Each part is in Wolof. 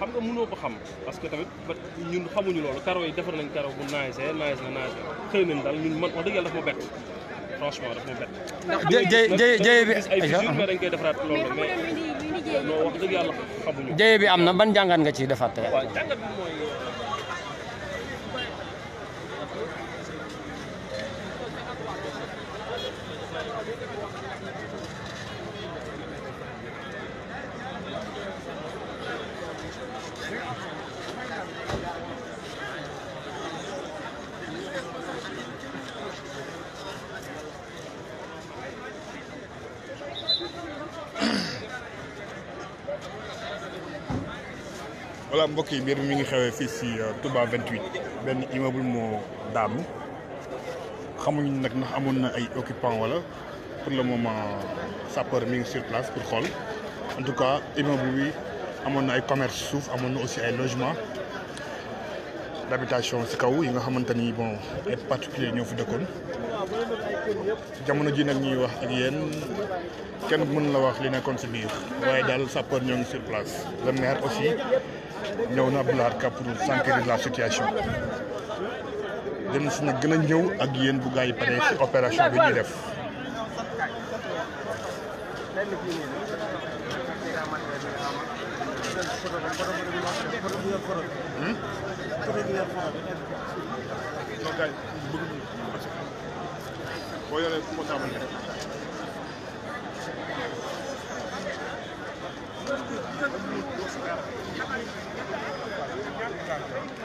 xam nga mënoo ko xam parce que tamit ba ñun xamuñu loolu karo yi defar nañ karo bu naaj see naaj na naaj xëy nañ daal ñun man wax dëgg yàlla daf ma bett franchement daf ma bett. ndax ay mais dañ koy defaraat loolu mais non wax dëgg yàlla xamuñu. jëye bi am na ban jàngat nga ciy defaat tey. waaw jàngat bi mooy. voilà mbokk yi mbir mi mi ngi xewee fii si tubaa euh, Touba 28 benn immeuble moo daanu xamuñu nag ndax amoon na ay occupant wala pour le moment sapeur mi ngi sur place xool en tout cas immeuble bi amoon na ay commerce suuf amoon na aussi ay logement d'habitation si kaw yi nga xamante ni bon ay particulier ñoo fi dëkkoon jamono ji nag ñuy wax ak yéen kenn mën la wax li nekkoon si biir waaye daal sapeur ñoo ngi sur place le maire aussi ñëw na Abdou Lahad Ka pour la situation dina si nag gën a ñëw ak yéen bu gaa yi pare ci opération ñuy def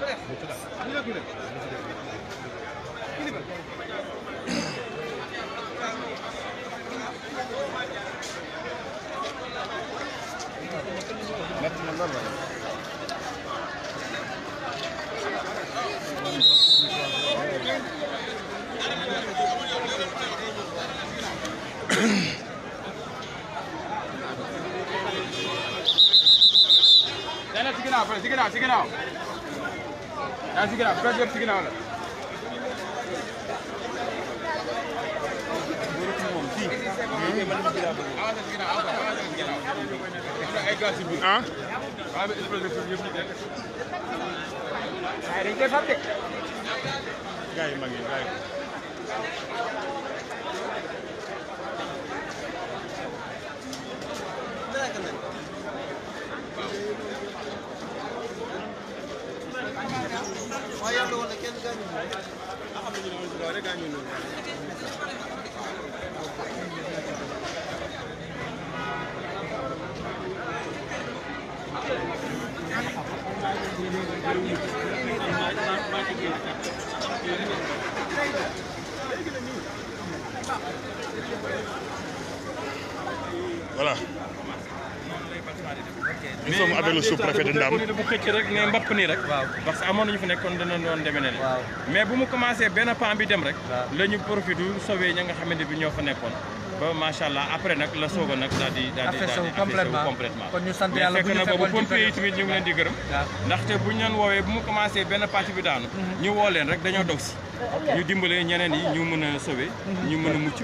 Check it out, check it out. yaa ngi si ginnaaw fees yëpp si ginnaaw la. ah. gars yi mag yi gars yi. voilà nous sommes avec le sous-préfet de Ndam bu xëcc rek ne mbapp nii rek parce amoon nañu fi nekkoon dana doon demee ne mais bu mu commencé benn pan bi dem rek la ñu profité sauvé ña nga xamante bi ñoo fa nekkoon ba macha après nag la soog a nag daal di daal di daal di complètement kon ñu sant yàlla bu na boobu pompier yi tamit ñu ngi leen di gërëm ndaxte bu ñu leen woowee bu mu commencé benn parti bi daanu mhm. ñu woo leen rek dañoo dog si ñu dimbalee ñeneen yi ñu mën a sauver ñu mën a mucc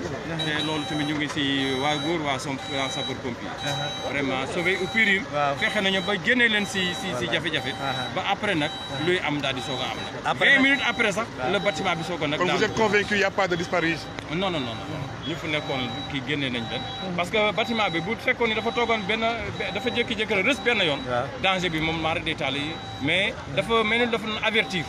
te loolu tamit ñu ngi si waa góor waa som waa sapeur pompier uh-huh. vraiment sauver au péril fexe nañu ba génnee leen si si si jafe-jafe uh-huh. ba après nag luy am daal di soog a am nag vingt minutes après sax le bâtiment bi soog a nag vous êtes convaincu il y a pas de disparition non non non ñu fu nekkoon kii génnee nañ uh-huh. parce que bâtiment bi bu fekkoon ni dafa toogoon benn dafa jékki-jékki rek rës benn yoon danger bi moom maa rek day taal yi mais dafa mel ni dafa avertir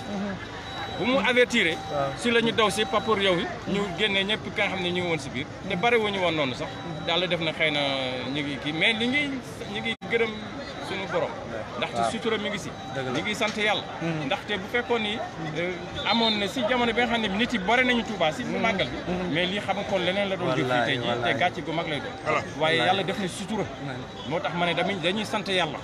bu mu avertir. si la ñu daw si papar yow yi ñu génnee ñëpp ka xam ne ñu ngi woon si biir te bari wuñu woon noonu sax daal def na xëy na ñu ngi kii mais li ngi ñu ngi gërëm suñu borom ndaxte sutura mi ngi si ñu ngi sant yàlla mhm. ndaxte bu fekkoon ni eh, amoon na si jamono bi nga xam ne nit yi bare nañu Touba si mhm. màggal bi mhm. mais lii xam kon leneen la doon jëf tey te gàcce gu mag lay doon waaye yàlla def na sutura moo tax ma ne dañuy sant yàlla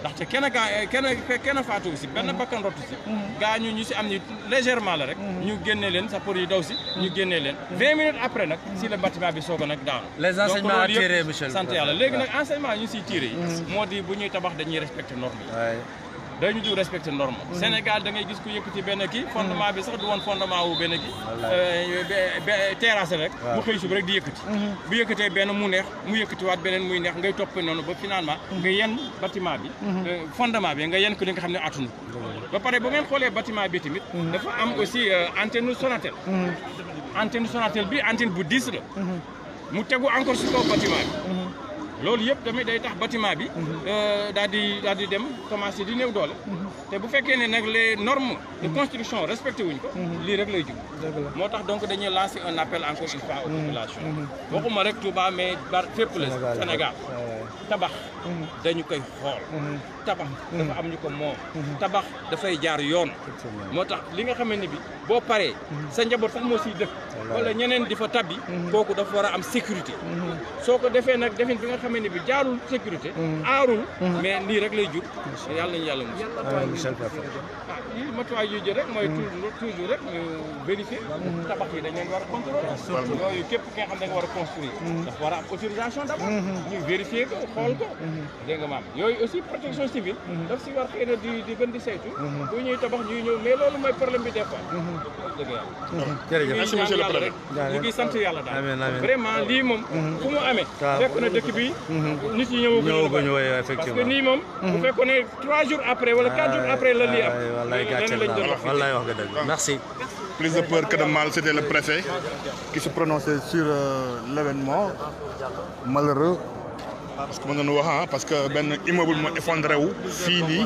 ndaxte kenn gaa eh, kenn kenn faatu si benn mm. bakkan rotu si mm. gaa ñu ñu si am ñu légèrement la rek mm. ñu génne leen sapeurs yi daw si ñu génne leen vingt minutes après nag si le bâtiment bi soog nag daanu les enseignements à tirer monsieur sant léegi nag enseignement ñu siy tiire yi moo di bu ñu tabax dañuy respecter normes yi dañu dul respecté norme mm-hmm. Sénégal da ngay gis ku yëkkati benn kii mm-hmm. bi sax du woon fondement wu benn kii euh, terrasse rek mu xëy suba rek di yëkkati mm-hmm. bu yëkkatee benn mu neex mu yëkkatiwaat beneen muy neex ngay topp noonu ba finalement nga yenn bâtiment bi euh, fondement bi nga yenn ko li xam ne atunu ba pare bu ngeen xoolee bâtiment bi tamit dafa am aussi euh, antenne Sonatel antenne Sonatel bi antenne bu diis la mu tegu encore si kaw bâtiment bi loolu yëpp tamit day tax batiment bi. Mhm. Euh, daal di daal di dem commencé di néew doole. Mhm. te bu fekkee ne nag les norme de mhm. construction respecté wuñ ko. lii rek lay jub. moo tax donc dañuy lancer un appel encore une fois aux populations. waxuma rek Touba bar fépp la Sénégal. tabax mhm. dañu koy xool mhm. tabax dafa mhm. am ñu ko moom tabax dafay jaar yoon moo tax li nga xamante ni bi boo paree sa njaboot sax moo siy dëkk wala ñeneen di fa tabbi kooku dafa war a am sécurité soo ko defee nag defin bi nga xame ni bi jaarul sécurité aarul mais nii rek lay jur yàlla nañu yàlla mos ah lii matuwaay yu jël rek mooy toujours toujours rek ñu vérifier tabax yi a contrôler yooyu képp ki nga xam ne nga war a construire dafa war a am autorisation d'abord ñu vérifier ko xool ko dégg nga maam yooyu aussi protection civile mhm. daf si war xëy di di gën di saytu mhm. bu ñuy tabax ñuy ñëw mais loolu mooy problème bi des fois mhm. dëgg yàlla merci yàlla daal lii moom fu mu amee fekk na dëkk bi nit ñi ñëw ñëwaguñu waay effectivement parce que nii moom bu fekkoon trois jours après wala quatre jours après la lii am merci plus de peur que de mal, c'était le préfet qui se prononçait sur euh, l'événement malheureux parce que mën nañu wax ah parce que benn immeuble moo effondré fii nii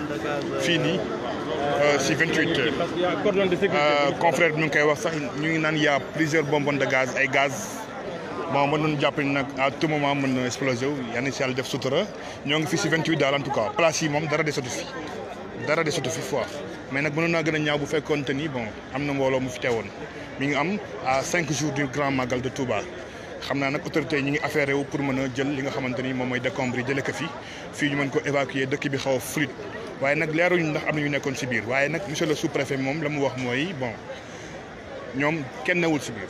fii nii euh, si 28 heures. Euh, confrère bi ñu ngi koy wax sax ñu ngi naan y' a plusieurs bonbonnes de gaz ay gaz bon mën nañu jàpp ni nag à tout moment mën na explosé wu yal na si yàlla def ñoo ngi fii si 28 daal en tout yi moom dara de sotu fi dara de sotu fi fois mais nag mënoon naa gën a ñaaw bu fekkoonte ni bon am na mbooloo mu fi teewoon mi ngi am à cinq jours du grand magal de xam naa nag autorité yi ñu ngi affaire wu pour mën a jël li nga xamante ni moom mooy décombre yi jëlee fi fii ñu mën ko évacuer dëkk bi xaw a waaye nag leeruñu ndax am na nekkoon si biir waaye nag monsieur le sous-préfet moom la mooy bon ñoom kenn newul si biir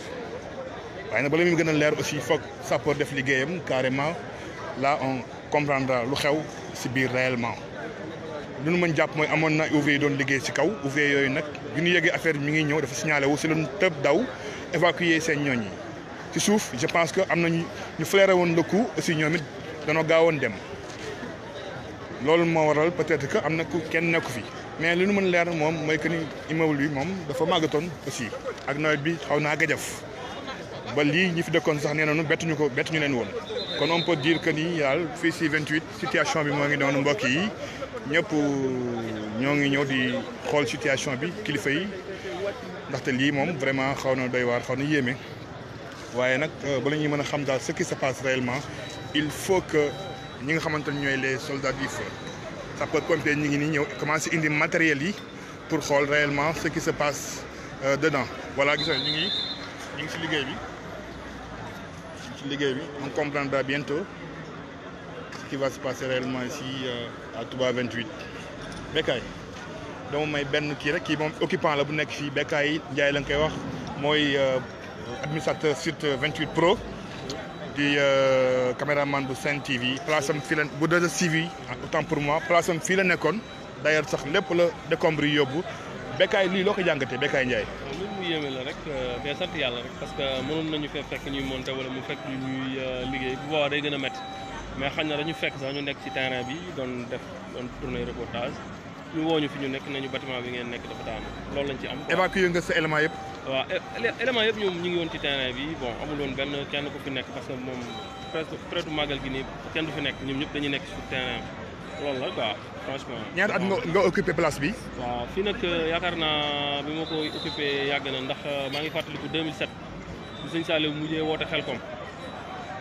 waaye nag bala muy gën a leer aussi foog sapeur def liggéeyam carrément la on comprendra lu xew si biir réellement lu nu mën jàpp mooy amoon na ouvrier doon liggéey si kaw ouvrier yooyu nag bi ñu yëgee affaire bi mi ngi ñëw dafa signalé wu si lu tëb daw évacuer seen ñooñ yi ci suuf je pense que am nañu ñu flairé woon le coup aussi ñoom it danoo gaawoon dem loolu moo waral peut-être que am na ku kenn nekku fi mais li nu mën leer moom mooy que ni immeuble bi moom dafa màggatoon aussi ak nawet bi xaw naa gajaf ba lii ñu fi dëkkoon sax nee nañu bettuñu ko bettuñu leen woon kon on peut dire que ni daal fii si 28 situation bi moo ngi doon mbokk yi ñëpp ñoo ngi ñëw di xool situation bi kilifa yi ndaxte lii moom vraiment xaw na doy waar xaw waaye nag euh, bala ñuy mën a xam daal ce qui se passe réellement il faut que ñi nga xamante ne ñooy les soldats du feu sapeurs-pompiers ñi ngi nii ñëw commencé indi matériel yi pour xool réellement ce qui se passe euh, dedans voilà gis ñu ngi ñu liggéey bi ci liggéey bi on comprendra bientôt ce qui va se passer réellement ici euh, à Touba 28 Bécaye dama may benn kii rek kii moom occupant la bu nekk fii Bécaye Ndiaye lañ koy wax mooy administrateur site 28 pro di euh, caméraman bu Sen TV place am fii la bu 2STV autant pour moi place am fii la nekkoon d'ailleurs sax lépp la décombre yi yóbbu Bécaye lii loo ko jàngatee Bécaye Ndiaye. lu mu yéeme la rek euh, mais sant yàlla rek parce que mënoon nañu fee fekk ñuy monter wala mu fekk ñuy euh, liggéey bu boobaa day gën a métti mais xañ na dañu fekk sax ñu nekk ci terrain bi doon def doon tourner reportage ñu woo fi ñu nekk nañu bâtiment bi ngeen nekk dafa daanu loolu lañ yëpp. waaw élément yëpp ñoom ñu ngi woon ci terrain bi bon amul woon benn kenn ku fi nekk parce que moom presque presque màggal gi nii kenn du fi nekk ñoom ñëpp dañuy nekk sur terrain loolu la quoi franchement. at nga nga occupé place fii nag euh, yaakaar naa bi ma ko occupé yàgg na ndax euh, maa ngi fàttaliku 2007 bi sëñ Saliou mujjee woote xelkom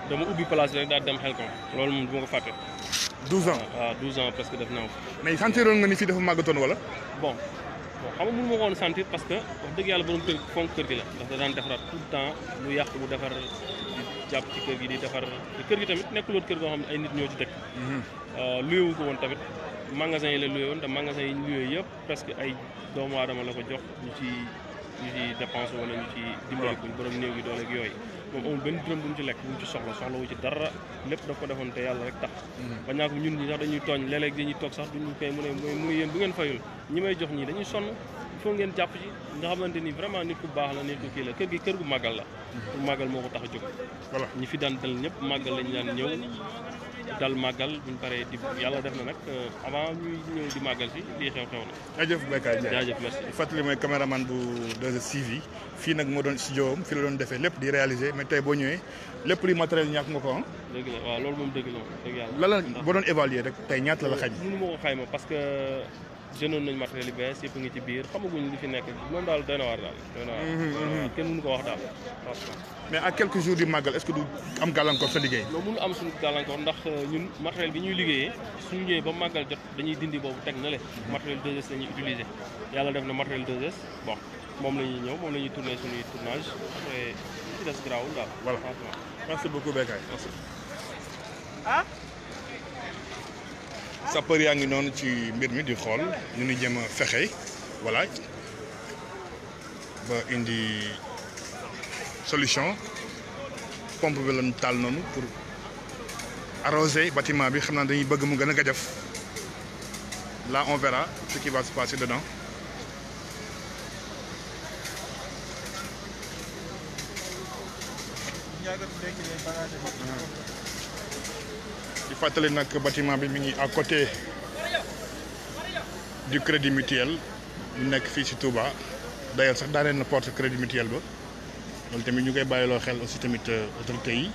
dama ubbi place bi rek daal dem xelkom loolu moom du ko fàtte. 12 ans waaw 12 ans presque def naa ko. mais sentir nga ni fii dafa màggatoon wala. bon. bon xam nga mënu ma woon sentir parce que wax dëgg yàlla borom kër fonk kër gi la ndax da daan defaraat tout le jàpp ci di defar te kër gi tamit nekkuloon kër goo ay nit ñoo ci dëkk mhm. euh, luye ko woon tamit magasin yi la luye woon te magasin yi luye yëpp presque ay doomu aadama la ko jox ñu ci ñu ci dépense wala ñu ci dimbali ci lekk bu mu ci soxla wu ci dara lépp daf ko defoon te yàlla rek tax bañ naa ko ñun ñi sax dañuy tooñ léeg-léeg dañuy toog sax duñu koy mu ne mu ne yéen bu ngeen fayul ñi may jox ñii dañuy sonn il ngeen jàpp ci nga xamante ni vraiment nit ku baax la nit ku kii la kër gi kër gu màggal la pour màggal moo ko tax a jóg voilà ñi fi daan dal ñëpp màggal lañu daan ñëw dal yàlla def na nag euh, avant si lii xew xew na jaajëf Bécaye Ndiaye jaajëf merci fàttali mooy man bu 2STV fii nag moo doon studio am fii la doon defee lépp di réaliser mais tey boo ñëwee lépp li matériel ñàkk nga ko am dëgg la waaw loolu moom dëgg la moom dëgg yàlla la la boo doon ma ko jëndoon nañ matériel yu bees yëpp ngi ci biir xamaguñ li fi nekk moom daal doy na daal doy mhm, mhm. kenn mënu ko wax daal mais à quelques jours di màggal est-ce que du am gàllankoor sa liggéey loolu mënu am suñu gàllankoor ndax euh, ñu matériel bi ñuy liggéeyee suñu ñëwee ba màggal jot dañuy dindi boobu teg na le matériel 2S la ñuy utiliser yàlla def na matériel 2 bon moom la ñuy ñëw moom la ñuy tourner suñuy tournage après ci des garaawul daal voilà merci beaucoup Bécaye ah? sapeur yaa ngi noonu ci mbir mi di xool ñu ngi jëm a fexe voilà ba indi solution pompe bi lañ taal noonu pour arroser bâtiment bi xam naa dañuy bëgg mu gën a gajaf là on verra ce qui va se passer dedans fàttali nag bâtiment bi mu ngi à côté du crédit mutuel bu nekk fii ci Touba d'ailleurs sax daaneel na porte crédit mutuel ba loolu tamit ñu koy bàyyiloo xel aussi tamit euh, autorité yi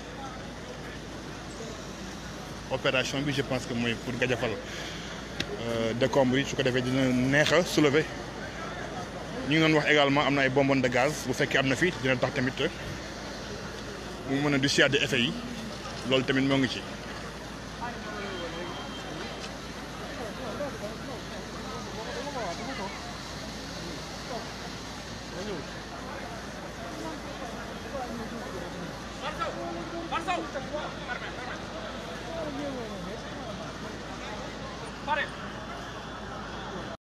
opération bi je pense que mooy pour gajafal euh, décombres yi su ko defee dina neex a soulever ñu ngi doon wax également am na ay bonbonne de gaz bu fekkee am na fi dina tax tamit euh, mu mën a du siade effet yi loolu tamit moo ngi ci